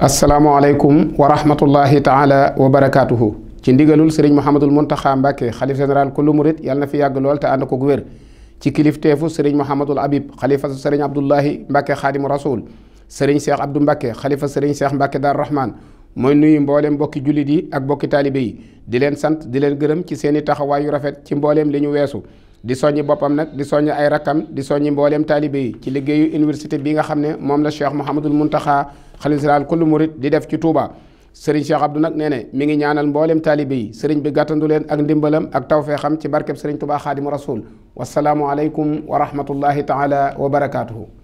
asalaamualeykum wa rahmatullahi taala wa barakaatuhu ci ndigalul sëriñ Mouhamadul Mountakha Mbacke xalif général kullu murit yàlla na fi yàgg lool te ànd ko gu wér ci kilifteefu sëriñ Mouhamadul Habib xalifa sëriñ Abdullahi Mbacke xaadimu rasul sëriñ Cheikh Abdou Mbacke xalifa sëriñ seex Mbacke daal Rahman mooy nuyu mbooleem mbokki jullit yi ak mbokki taalibe yi di leen sant di leen gërëm ci seen i taxawaay yu rafet ci mbooleem li ñu weesu. di soññi boppam nag di soññ ay rakkam di soññi mbooleem taalibe yi ci liggéeyu université bi nga xam ne moom la Cheikh Mouhamadul Muntaxa xalifa général kullu murit di def ci Touba. sëriñ Cheikh Abdou nag nee ne mi ngi ñaanal mbooleem taalibe yi sëriñ bi gàttandu leen ak ndimbalam ak tawfeexam ci barkeb sëriñ Touba Xaadimu Rasuul wasalaamu aleykum wa rahmatullahi taala wa barakaatuhu.